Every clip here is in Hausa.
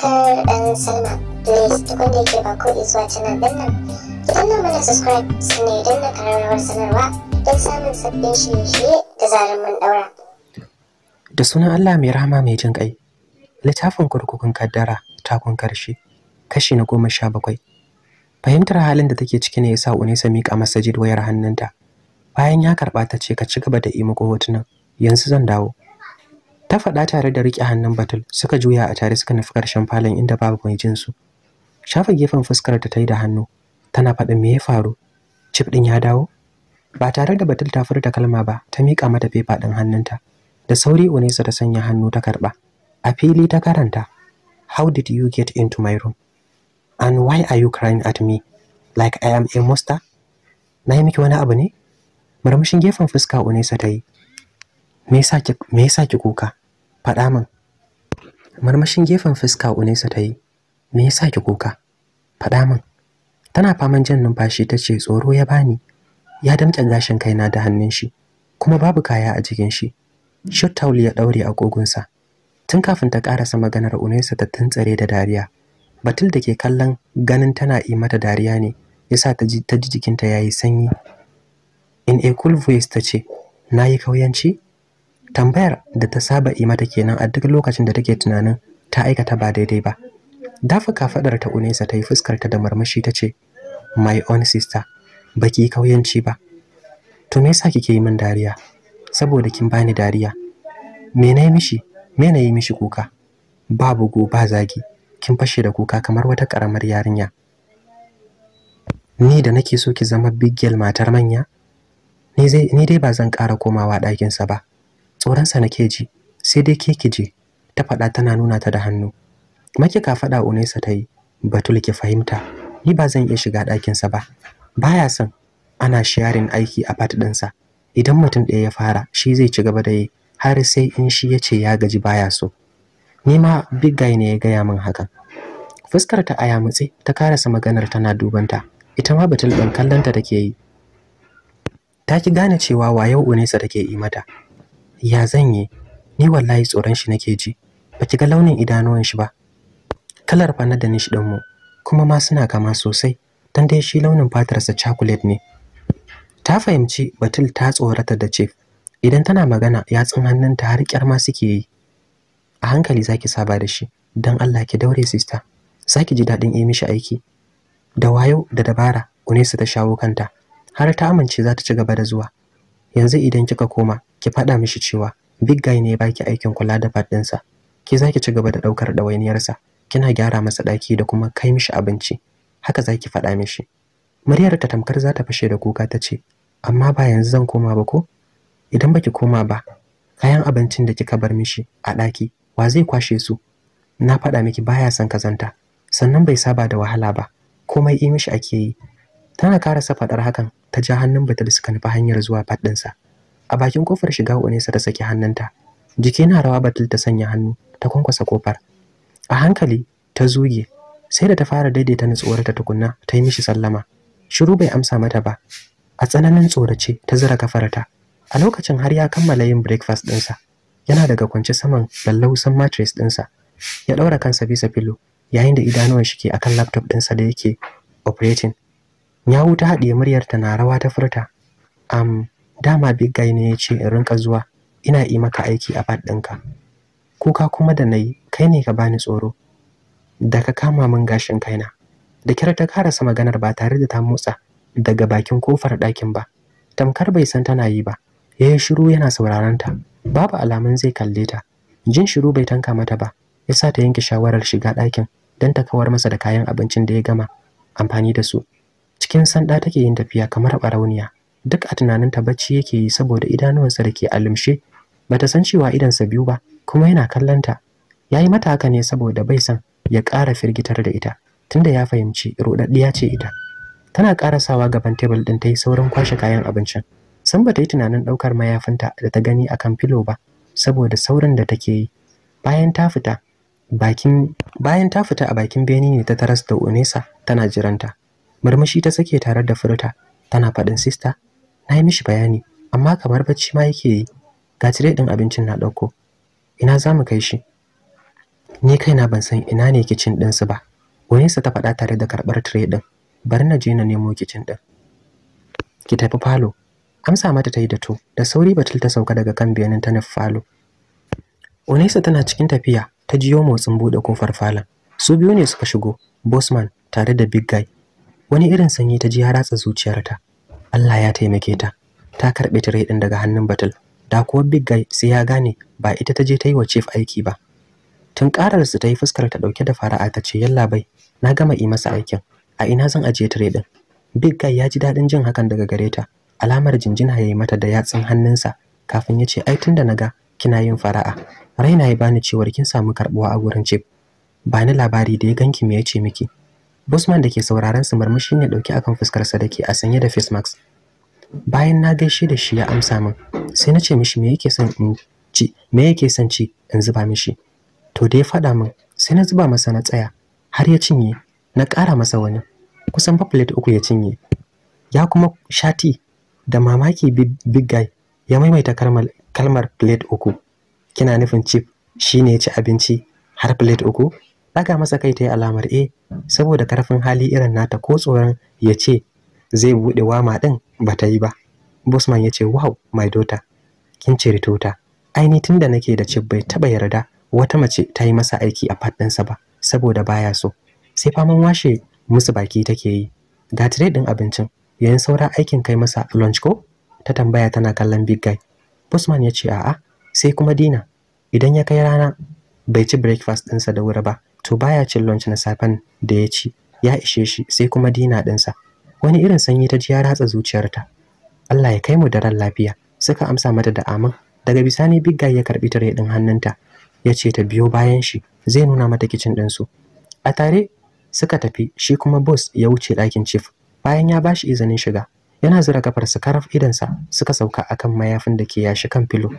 subscribe and sign up. Please tukun da yake ba ko zuwa canal din nan. Ki danna mana subscribe sannan idan na kararrawar sanarwa don samun sabbin shirye-shirye da zarar mun daura. Da sunan Allah mai rahama mai jin ƙai. Littafin kurkukun kaddara takun ƙarshe, kashi na goma sha bakwai. Fahimtar halin da take ciki ne ya sa Unesa miƙa masa wayar hannunta. Bayan ya karɓa ta ce ka ci gaba da imiko hotunan yanzu zan dawo. ta faɗa tare da riƙe hannun batul suka juya a tare suka nufi ƙarshen falon inda babu mai jinsu. su shafa gefen fuskar ta ta yi da hannu tana faɗin me ya faru cif ɗin ya dawo ba tare da batul ta furta kalma ba ta miƙa mata fefa ɗin hannunta da sauri unesa ta sanya hannu ta karɓa a fili ta karanta how did you get into my room and why are you crying at me like i am a monster na yi miki wani abu ne murmushin gefen fuska unesa ta yi me yasa ki kuka faɗa min marmashin gefen fuska Unesa ta yi me yasa ki kuka faɗa min tana faman jan numfashi ta ce tsoro ya bani ya damƙe gashin kaina da hannun shi kuma babu kaya a jikin shi shot ya ɗaure a kogunsa tun kafin ta ƙarasa maganar Unesa ta tuntsare da dariya batul da ke kallon ganin tana yi mata dariya ne ya sa ta ji jikinta ya yi sanyi in a cool voice ta ce na yi kauyanci tambayar da ta saba yi mata kenan a duk lokacin da take tunanin ta aikata ba daidai ba dafa fadar ta unesa ta yi fuskar ta da murmushi ta ce my own sister baki kauyanci ba to me yasa kike yi min dariya saboda kin bani dariya me na yi mishi me na yi mishi kuka ba bugu ba zagi kin fashe da kuka kamar wata karamar yarinya ni da nake so ki zama big girl matar manya ni dai ba zan ƙara komawa ɗakinsa ba Tsoron sa nake ji sai dai ke je ta faɗa tana nuna ta da hannu makika ka faɗa Unesa ta yi batul ki fahimta ni ba zan iya shiga ɗakinsa ba baya son ana sharing aiki a fat ɗinsa idan mutum ɗaya ya fara shi zai ci gaba da yi har sai in shi ya ce ya gaji baya so ni ma big guy ne ya gaya min hakan fuskar ta aya mutse ta karasa maganar tana dubanta ita ma batul ɗin ta take yi ta ki gane cewa wa yau unesa take yi mata ya zan yi ni wallahi tsoron shi nake ji baki ga launin idanuwan shi ba kalar fa na da nishi din mu kuma ma suna kama sosai dan dai shi launin fatar sa chocolate ne ta fahimci batul ta tsorata da chief idan tana magana yatsun hannunta har kyar ma suke yi a hankali zaki saba da shi dan Allah ki daure sister zaki ji dadin yi mishi aiki da wayo da dabara Unesa ta shawo kanta har ta amince za ta ci gaba da zuwa yanzu idan kika koma ki faɗa mishi cewa big guy ne ya baki aikin kula da pad ki zaki ci gaba da ɗaukar ɗawainiyarsa kina gyara masa ɗaki da kuma kai mishi abinci haka zaki faɗa mishi muryar ta tamkar za ta fashe da kuka ta ce amma ba yanzu zan koma ba ko idan baki koma ba kayan abincin da kika bar mishi a ɗaki wa zai kwashe su na faɗa miki baya son kazanta sannan bai saba da wahala ba komai yi mishi ake yi tana karasa safaɗar hakan ta ja hannun batul suka nufi hanyar zuwa faɗinsa a bakin kofar shiga unesa ta saki hannunta jiki na rawa batul ta sanya hannu ta kwankwasa kofar a hankali ta zuge sai da ta fara daidaita ta tukunna ta yi mishi sallama shiru bai amsa mata ba a tsananin tsorace ta zira kafarta a lokacin har ya kammala yin breakfast dinsa, yana daga kwance saman lallausan mattress dinsa. ya ɗaura kansa bisa filo yayin da idanuwan shi ke akan laptop dinsa da yake operating ya wuta haɗe muryar ta na rawa ta furta am dama big ne ya ce in rinka zuwa ina yi maka aiki a fat ɗinka kuka kuma da nayi kai ne ka bani tsoro da ka kama min gashin kaina da kyar ta karasa maganar ba tare da ta motsa daga bakin kofar ɗakin ba tamkar bai san tana yi ba ya shiru yana sauraron ta babu alamun zai kalle ta jin shiru bai tanka mata ba ya sa ta yanke shawarar shiga ɗakin don ta kawar masa da kayan abincin da ya gama amfani da su cikin sanda take yin tafiya kamar barauniya duk a tunaninta bacci yake yi saboda idanuwansa da ke alumshe ta san cewa idansa biyu ba kuma yana ya yayi mata haka ne saboda bai san ya ƙara firgitar da ita tunda ya fahimci ya ce ita tana ƙarasawa gaban tebul ɗin ta yi saurin kwashe kayan abincin san ta yi tunanin ɗaukar mayafinta da ta gani a kan filo ba saboda saurin da take yi bayan ta fita bakin bayan ta fita a bakin beni ne ta taras da Onesa tana jiranta murmushi ta sake tare da furta tana faɗin sista na yi mishi bayani amma kamar bacci ma yake yi ga tire ɗin abincin na ɗauko ina za mu kai shi ni kaina ban san ina ne kicin ɗinsu ba wayensa ta faɗa tare da karɓar tire ɗin bari na je na nemo kicin ɗin ki tafi falo amsa mata ta yi da to da sauri batul ta sauka daga kan benin ta nufi falo Onesa tana cikin tafiya ta jiyo motsin buɗe kofar falon su biyu ne suka shigo bosman tare da big guy wani irin sanyi ta ji ya ratsa zuciyarta Allah ya taimake ta ta karɓi tire ɗin daga hannun Batul da kuwa Big Guy sai ya gane ba ita ta je ta yi wa chief aiki ba tun karar su ta yi fuskar ta ɗauke da fara'a ta ce yalla bai na gama yi masa aikin a ina zan ajiye tire ɗin Big Guy ya ji daɗin jin hakan daga gare ta alamar jinjina ya yi mata da yatsun hannunsa kafin ya ce ai tun da na ga kina yin fara'a raina ya bani cewar kin samu karbuwa a gurin chief ba ni labari da ya ganki me ya ce miki Busman da ke sauraron su murmushi ne dauke akan fuskar sa dake a sanye da face mask. Bayan na gaishe da shi ya amsa min, sai na ce mishi me yake son in ci, me yake son ci in zuba mishi. To da ya faɗa min, sai na zuba masa na tsaya, har ya cinye, na ƙara masa wani. Kusan fa plate uku ya cinye. Ya kuma shati da mamaki big, big guy ya maimaita kalmar, kalmar plate uku. Kina nufin chip shine ya ci abinci har plate uku? daga masa kai ta yi alamar e saboda karfin hali irin nata ko tsoron ya ce zai buɗe wama ɗin ba ta yi ba bosman ya ce wow my daughter kin ce tota aini tun da nake da cib bai taɓa yarda wata mace ta yi masa aiki a faɗinsa ba saboda baya so sai faman washe musu baki take yi ga tire ɗin abincin yayin saura aikin kai masa lunch ko ta tambaya tana kallon big guy bosman ya ce a'a sai kuma dina idan ya kai rana bai ci breakfast ɗinsa da wuri ba to baya cin lunch na safen da ya ci ya ishe shi sai kuma dina ɗinsa wani irin sanyi ta ji ya ratsa zuciyarta Allah ya kai mu daren lafiya suka amsa mata da amin daga bisani big guy ya karbi tare din hannunta ya ce ta biyo bayan shi zai nuna mata kicin ɗinsu a tare suka tafi shi kuma boss ya wuce ɗakin chief bayan ya bashi izinin shiga yana zura kafar su karaf idansa suka sauka akan mayafin da ke yashi kan filo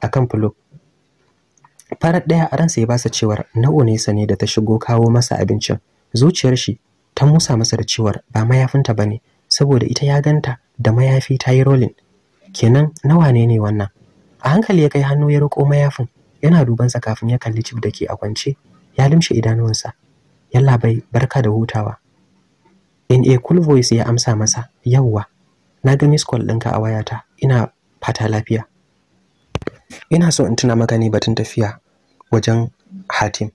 akan filo farar ɗaya a ransa ya basa cewar na onesa ne da ta shigo kawo masa abincin zuciyar shi ta musa masa da cewar ba mayafinta ba ne, saboda ita ya ganta da mayafi ta yi rolin. kenan nawa ne ne wannan a hankali ya kai hannu ya roƙo mayafin yana dubansa kafin ya kalli cif da ke a kwance ya limshe idanuwansa yalla bai barka da hutawa in a cool voice ya amsa masa yawwa na ga miss call ɗinka a wayata ina fata lafiya ina so in tuna maka ne batun tafiya wajen Hatim.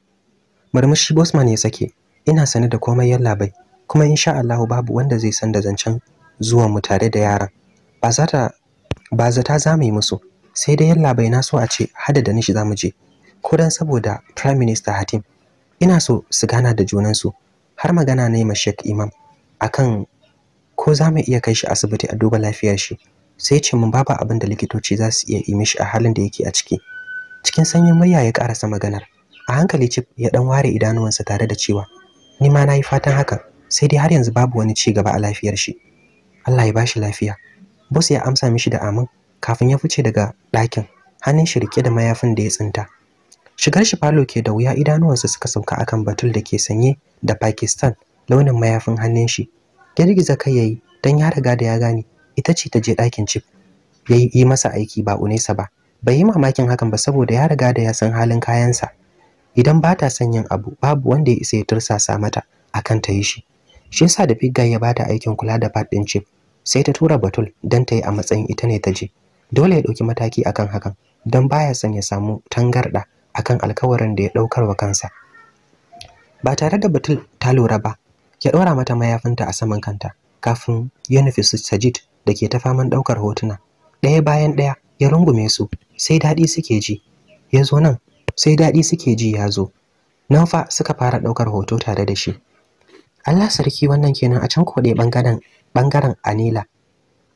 Murmushi Bosman ya sake, ina sane da komai yallabai, kuma in sha Allahu babu wanda zai san da zancen zuwan mu tare da yaran. Ba za ba zata za mu yi musu, sai dai yallabai na so a ce hada da nishi zamu je. Ko dan saboda Prime Minister Hatim, ina so su gana da junansu har magana ne ma Sheikh Imam akan ko za mu iya kai shi asibiti a duba lafiyar shi sai ce mun babu abin da likitoci za su iya yi mishi a halin da yake a ciki cikin sanyin murya ya karasa maganar a hankali chip ya dan ware idanuwansa tare da cewa ni ma nayi fatan haka sai dai har yanzu babu wani ci gaba a lafiyar shi Allah ya bashi lafiya boss ya amsa mishi da amin kafin ya fice daga ɗakin hannun shi rike da mayafin da ya tsinta shigar shi falo ke da wuya idanuwansa suka sauka akan batul da ke sanye da Pakistan launin mayafin hannun shi girgiza kai yayi dan ya riga da ya gane ita ce ta je ɗakin chip yayi yi masa aiki ba unesa ba bai yi mamakin hakan ba saboda ya riga da ya san halin kayansa idan ba ta son yin abu babu wanda ya isa ya tursasa mata akan ta yi shi shi yasa da figga ya bata aikin kula da fat din chief sai ta tura batul don ta yi a matsayin ita ne ta je dole ya ɗauki mataki akan hakan don baya son ya samu tangarɗa akan alkawarin da ya ɗaukar wa kansa ba tare da batul ta lura ba ya ɗora mata mayafinta a saman kanta kafin ya nufi sajid da ke ta faman ɗaukar hotuna ɗaya bayan ɗaya ya rungume su sai daɗi suke ji ya zo nan sai daɗi suke ji ya zo nan fa suka fara ɗaukar hoto tare da shi Allah sarki wannan kenan a can koɗe ɓangaren ɓangaren Anila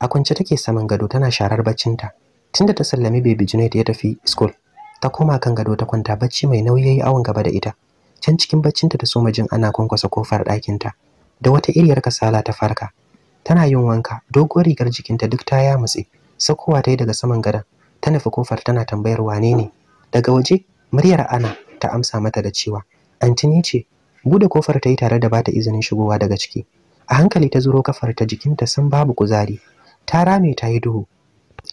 a kwance take saman gado tana sharar baccinta tunda ta sallami baby Junaid ya tafi school ta koma kan gado ta kwanta bacci mai nauyi yayi awon gaba da ita can cikin baccinta ta soma jin ana kwankwasa kofar ɗakinta da wata iriyar kasala ta farka tana yin wanka doguwar rigar jikinta duk ta yamutse sakowa ta yi daga saman gadon ta nufi kofar tana tambayar wane ne daga waje muryar ana ta amsa mata da cewa antini ce bude kofar ta yi tare da bata izinin shigowa daga ciki a hankali ta zuro kafar ta jikinta sun babu kuzari ta rame ta yi duhu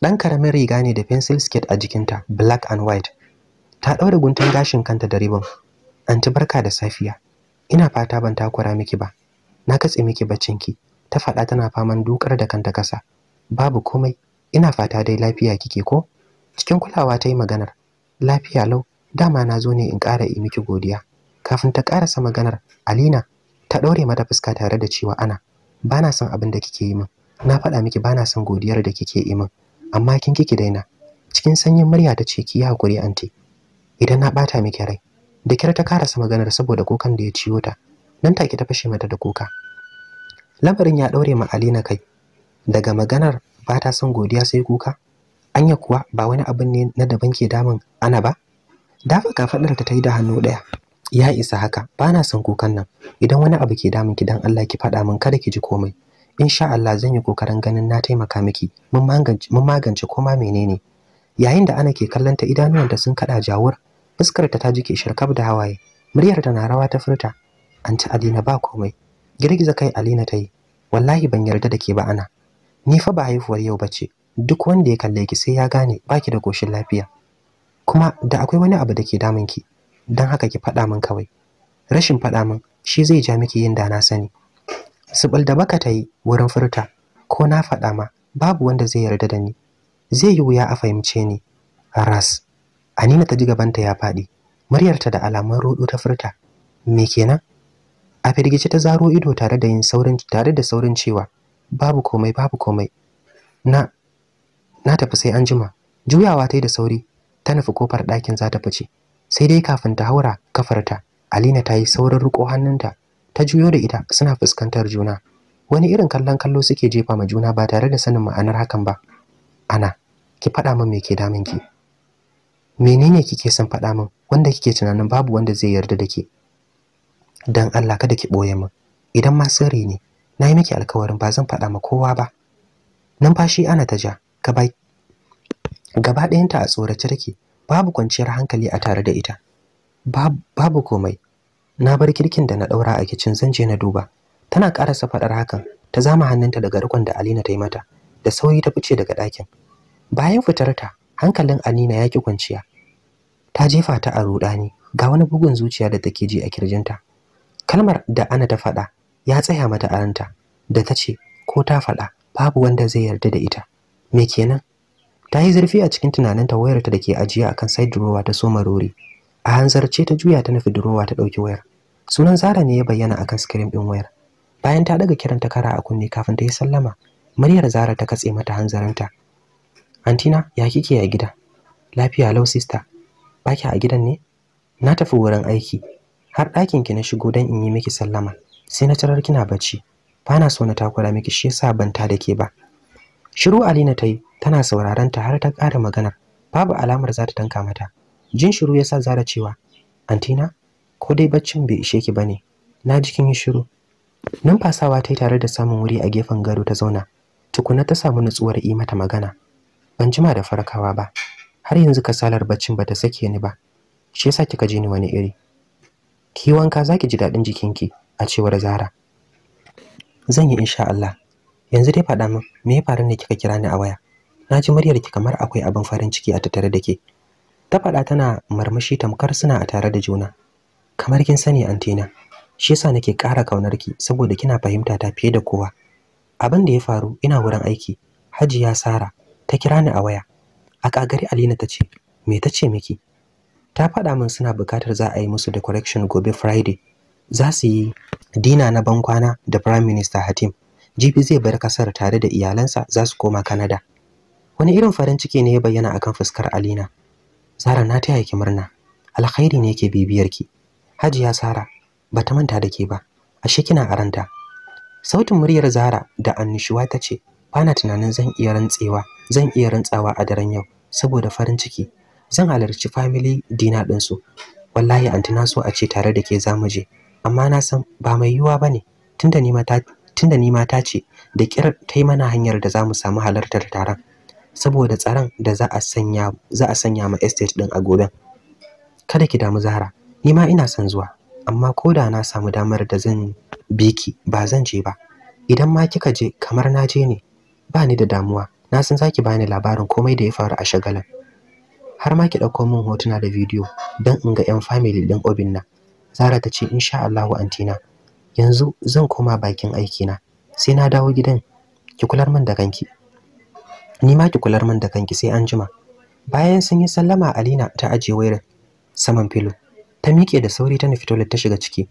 dan karamin riga ne da pencil skirt a jikinta black and white ta ɗaure guntun gashin kanta da ribbon anti barka da safiya ina fata ban takura miki ba na katse miki baccinki ta faɗa tana faman dukar da kanta kasa babu komai ina fata dai lafiya kike ko cikin kulawa ta yi maganar lafiya lau dama na zo ne in ƙara yi miki godiya kafin ta ƙarasa maganar alina ta ɗaure mata fuska tare da cewa ana ba na son abin da kike yi min na faɗa miki ba na son godiyar da kike yi min amma kin kiki daina cikin sanyin murya ta ce ki yi hakuri anti idan na ɓata miki rai da kira ta ƙarasa maganar saboda kukan da ya ciwo ta nan take ta fashe mata da kuka lamarin ya ɗaure ma alina kai daga maganar ba ta son godiya sai kuka anya kuwa ba wani abu ne na daban ke damun ana ba dafa kafadar ta yi da hannu ɗaya. ya isa haka ba na son kukan nan idan wani abu ke damun ki dan Allah ki faɗa min kada ki ji komai insha Allah zan yi kokarin ganin na taimaka miki mun magance mun koma menene yayin da ana ke kallon ta da sun kaɗa jawur fuskar ta ta jike sharkab da hawaye muryar ta na rawa ta furta anti Alina ba komai girgiza kai Alina ta yi wallahi ban yarda da ke ba ana ni fa ba haifuwar yau ba ce. duk wanda ya kalle ki sai ya gane baki da koshin lafiya kuma da akwai wani abu da ke damun ki don haka ki faɗa min kawai rashin faɗa min shi zai ja miki yin da na sani subul da baka ta yi wurin furta ko na faɗa ma babu wanda zai yarda da ni zai yi wuya a fahimce ni ras anina ta ji gabanta ya faɗi muryarta da alamun rudu ta furta me kenan a firgici ta zaro ido tare da yin saurin tare da saurin cewa babu komai babu komai na na tafi sai an jima juyawa ta da sauri ta nufi kofar ɗakin za ta fice sai dai kafin ta haura kafarta alina ta yi saurin riko hannunta ta juyo da ita suna fuskantar juna wani irin kallon kallo suke jefa ma juna ba tare da sanin ma'anar hakan ba ana ki faɗa min me ke damun ki menene kike son faɗa min wanda kike tunanin babu wanda zai yarda da ke dan Allah kada ki ɓoye min idan ma sirri ne na yi miki alkawarin ba zan faɗa ma kowa ba numfashi ana ta ja gaba ɗayanta a tsorace take babu kwanciyar hankali a tare da ita babu komai na bar kirkin da na ɗaura a kicin zan je na duba tana ƙarasa faɗar hakan ta zama hannunta daga rikon da Alina ta yi mata da sauyi ta fice daga ɗakin bayan fitarta, hankalin Alina ya ki kwanciya ta jefa ta a ruɗani ga wani bugun zuciya da take ji a kirjinta kalmar da Ana ta faɗa ya tsaya mata a ranta da ta ce ko ta faɗa babu wanda zai yarda da ita me kenan ta yi zurfi a cikin tunaninta wayarta da ke ajiye akan side drawer ta soma rori a hanzarce ta juya ta nufi drawer ta ɗauki wayar sunan zara ne ya bayyana akan screen ɗin wayar bayan ta daga kiran ta kara a kunne kafin ta yi sallama muryar zara ta katse mata hanzarinta antina ya kike a gida lafiya lau sister baki a gidan ne na tafi wurin aiki har ɗakin ki na shigo don in yi miki sallama sai na tarar kina bacci ba na so na takura miki shi yasa ban ta da ke ba Shiru na ta yi, tana sauraron ta har ta ƙara maganar. Babu alamar za ta tanka mata. Jin shiru ya sa Zara cewa, "Antina, ko dai baccin bai ishe ki ne." Na ji kin yi shiru. Numfasawa ta yi tare da samun wuri a gefen gado ta zauna. Tukuna ta samu nutsuwar yi mata magana. Ban jima da farkawa ba. Har yanzu kasalar baccin bata sake ni ba. Shi yasa kika ji ni wani iri. Ki wanka zaki ji daɗin jikinki, a cewar Zara. Zan yi insha Allah. yanzu dai faɗa min me ya faru ne kika kira ni a waya na ji muryar ki kamar akwai abin farin ciki a tattare da ke ta faɗa tana marmashi tamkar suna a tare da juna kamar kin sani antina shi yasa nake ƙara kaunar ki saboda kina fahimta ta fiye da kowa abin da ya faru ina wurin aiki hajiya sara ta kira ni a waya a kagari alina ta ce me ta ce miki ta faɗa min suna buƙatar za a yi musu da correction gobe friday za su yi dina na bankwana da prime minister hatim jibi zai bar kasar tare da iyalansa za su koma Canada. Wani irin farin ciki ne ya bayyana akan fuskar Alina. Zara na taya ki murna. Alkhairi ne yake bibiyar ki. Hajiya Sara, ba ta manta da ke ba. Ashe kina aranta. Sautin muryar Zara da annishuwa ta ce, "Bana tunanin zan iya rantsewa, zan iya rantsawa a daren yau saboda farin ciki. Zan halarci family dina din su. Wallahi anti na so a ce tare da ke zamu je, amma na san ba mai yiwuwa bane tunda ni ma ta tunda ni mata ce da ƙyar ta yi mana hanyar da zamu mu samu halartar taron saboda tsaron da za a sanya za a sanya ma estate din a gobe. kada ki damu Zahra ni ma ina son zuwa amma ko da na samu damar da zan biki ki ba zan je ba idan ma kika je kamar na je ne ba ni da damuwa na san zaki bani labarin komai da ya faru a shagalan har ma ki dauko min hotuna da bidiyo don in ga yan family din Obinna Zara ta ce insha Allahu antina yanzu zan koma bakin aikina sai na dawo gidan ki kular min da kanki ni ma ki kular min da kanki sai an jima bayan sun yi sallama alina ta ajiye wayar saman filo ta miƙe da sauri ta nufi toilet ta shiga ciki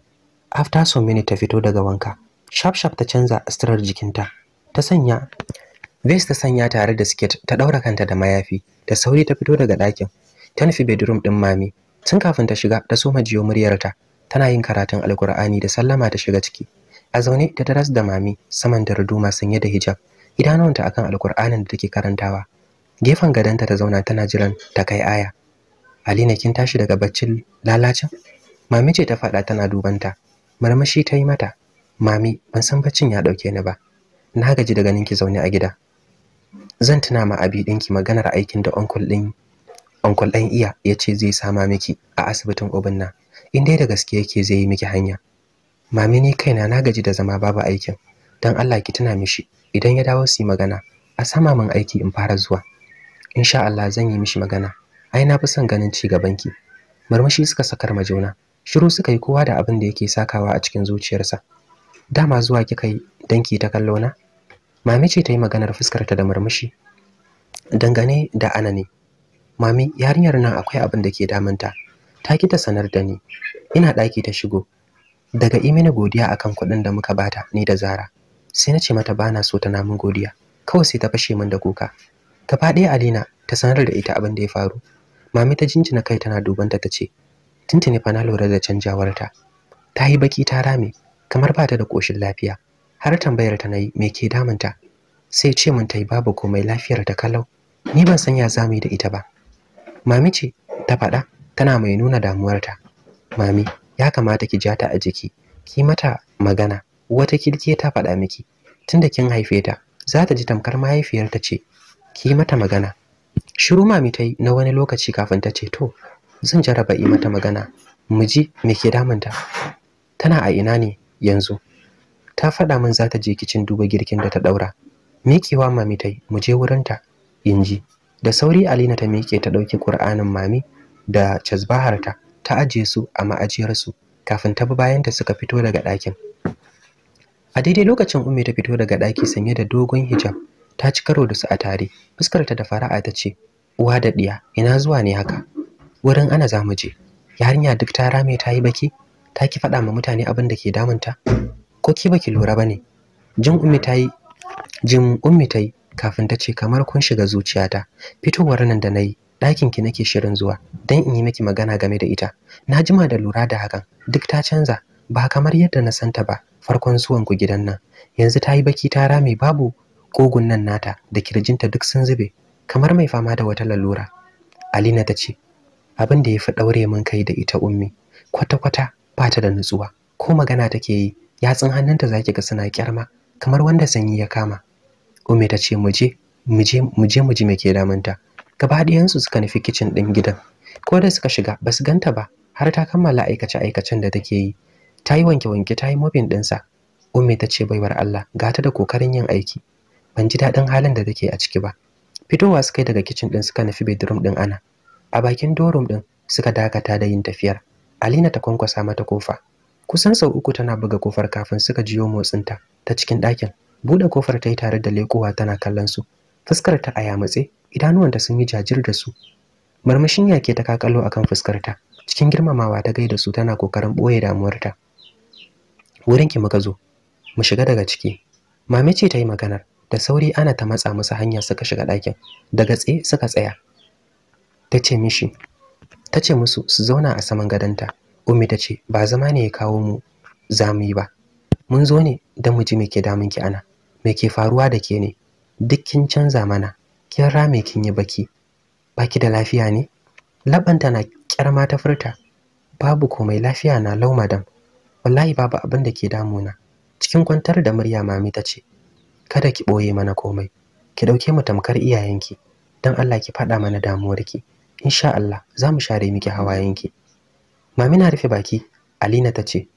after some minute ta fito daga wanka sharp sharp ta canza astrar jikinta ta sanya vest ta sanya tare da skirt ta daura kanta da mayafi da sauri ta fito daga ɗakin ta nufi bedroom ɗin mami tun kafin ta shiga ta soma jiyo muryarta tana yin karatun alkur'ani da sallama ta shiga ciki a zaune ta taras da mami saman da ruduma sanye da hijab a kan alkur'anin da take karantawa gefen gadonta ta zauna tana jiran ta kai aya alina kin tashi daga baccin lalacin mami ce ta faɗa tana dubanta marmashi ta yi mata mami ban san baccin ya ɗauke ni ba na gaji da ganin ki zaune a gida zan tuna ma abi ɗinki maganar aikin da onkul ɗin onkul ɗan iya ya ce zai sama miki a asibitin nan. in dai da gaske yake zai yi miki hanya mami ni kaina na gaji da zama babu aikin dan Allah ki tuna mishi idan ya dawo su yi magana a sama min aiki in fara zuwa insha Allah zan yi mishi magana ai na fi son ganin ci gaban ki murmushi suka sakar ma juna shiru suka yi kowa da abin da yake sakawa a cikin zuciyarsa dama zuwa kika yi danki ta kallo na mami ce ta yi maganar fuskarta da murmushi dangane da anani mami yarinyar nan akwai abin da ke damunta ta ki ta sanar da ni ina ɗaki ta shigo daga imini godiya akan kuɗin da muka bata ni da zara sai na ce mata bana so ta namun godiya kawai sai ta fashe min da kuka gaba ɗaya alina ta sanar da ita abin da ya faru mami ta jinjina kai tana duban ta tace tuntuni fa na lura da canjawar ta Ta yi baki ta rame kamar ba ta da koshin lafiya har tambayar ta nayi me ke ta? sai ce mun tai babu komai lafiyar ta kalau ni ban san ya zamu da ita ba mami ce ta faɗa tana mai nuna damuwarta mami ya kamata ki ja ta a jiki ki mata magana wata kirki ta faɗa miki tunda kin haife ta za ta ji tamkar mahaifiyarta ce ki mata magana shiru mami ta yi na wani lokaci kafin ta ce to zan jaraba yi mata magana mu ji me ke damunta tana a ina ne yanzu ta faɗa min za ta je kicin duba girkin da ta ɗaura miƙewa mami ta yi mu je wurinta in ji da sauri alina ta miƙe ta ɗauki ƙur'anin mami da cazbaharta ta ajiye su a ma'ajiyarsu kafin ta bi bayan ta suka fito daga ɗakin a daidai lokacin ummi ta fito daga ɗaki sanye da dogon hijab ta ci karo da su a tare fuskarta da fara'a ta ce uwa da ɗiya ina zuwa ne haka wurin ana za mu je yarinya duk ta rame ta yi baki ta ki faɗa ma mutane abin da ke damunta ko ki baki lura ba ne jin ummi ta yi jin ummi ta yi kafin ta ce kamar kun shiga zuciyata fitowar nan da na yi ɗakin ki nake shirin zuwa Dan in yi miki magana game da ita na jima da lura da hakan duk ta canza ba kamar yadda na santa ba farkon zuwan ku gidan nan yanzu ta yi baki ta rame babu kogun nan nata da kirjinta duk sun zube kamar mai fama da wata lalura alina ta ce abin da ya fi ɗaure min kai da ita ummi kwata-kwata ba ta da nutsuwa ko magana take yi yatsun hannunta zaki ga suna kyarma kamar wanda sanyi ya kama ummi ta ce mu je mu je mu ji me ke damunta gaba ɗayansu suka nufi kicin ɗin gidan ko da suka shiga ba su ganta ba har ta kammala aikace aikacen da take yi ta yi wanke wanke ta yi mobin ɗinsa ummi ta ce baiwar allah gata da kokarin yin aiki ban ji daɗin halin da take a ciki ba fitowa suka yi daga kicin ɗin suka nufi bedroom ɗin ana a bakin dorum ɗin suka dakata da yin tafiyar alina ta kwankwasa mata kofa kusan sau uku tana buga kofar kafin suka jiyo motsinta ta cikin ɗakin buɗe kofar ta yi tare da lekowa tana kallon su fuskar ta a yamutse idanuwanta sun yi jajir da su marmashin yake ta kakalo akan fuskar ta cikin girmamawa ta gaida su tana kokarin ɓoye damuwarta wurin ki muka zo mu shiga daga ciki mame ce ta yi maganar da sauri ana ta matsa musu hanya suka shiga ɗakin daga tsaye suka tsaya ta ce mishi ta ce musu su zauna a saman gadonta umi ta ce ba zama ne ya kawo mu za mu yi ba mun zo ne don mu ji me ke damun ki ana me ke faruwa da ke ne duk kin canza mana kin rame kin yi baki baki da lafiya ne labanta na ma ta furta babu komai lafiya na lau madam wallahi babu abin da ke damuna cikin kwantar da murya mami ta ce kada ki ɓoye mana komai ki ɗauke mu tamkar iyayenki dan Allah ki faɗa mana damuwar ki, insha Allah za mu share miki hawayenki mami na rufe baki Alina ta ce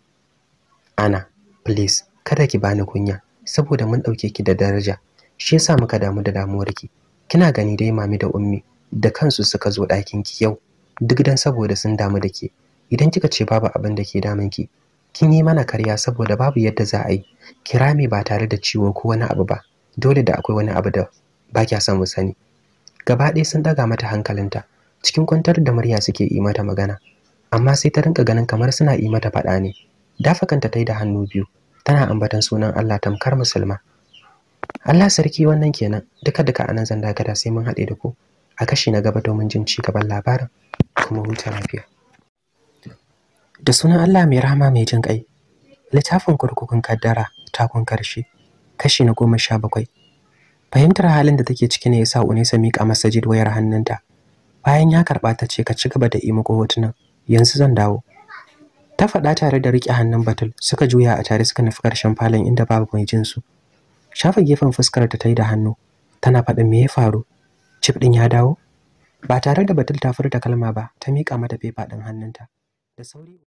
ana please kada ki bani kunya saboda mun ɗauke ki da daraja shi yasa muka damu da damuwar ki? kina gani dai mami da ummi da kansu suka zo ɗakin ki yau duk dan saboda sun damu da ke idan kika ce babu abin da ke damun ki kin yi mana karya saboda babu yadda za a yi kira me ba tare da ciwo ko wani abu ba dole da akwai wani abu da ba kya son mu sani gaba ɗaya sun ɗaga mata hankalinta cikin kwantar da murya suke yi mata magana amma sai ta rinka ganin kamar suna yi mata faɗa ne dafa kanta ta yi da hannu biyu tana ambatan sunan Allah tamkar musulma Allah sarki wannan kenan duka duka anan zan dakata sai mun haɗe da ku a kashi na gaba domin jin ci gaban labarin kuma huta lafiya da sunan Allah mai rahama mai jin kai littafin kurkukun kaddara takun karshe kashi na goma sha bakwai fahimtar halin da take ciki ne ya yasa Unesa mika masa jid wayar hannunta bayan ya karɓa ta ce ka ci gaba da imiko hotunan yanzu zan dawo ta faɗa tare da riƙe hannun batul suka juya a tare suka nufi ƙarshen falon inda babu mai jinsu. shafa gefen fuskar ta ta yi da hannu tana faɗin me ya faru cif ɗin ya dawo ba tare da batul ta furta kalma ba ta miƙa mata fefa ɗin hannunta da sauri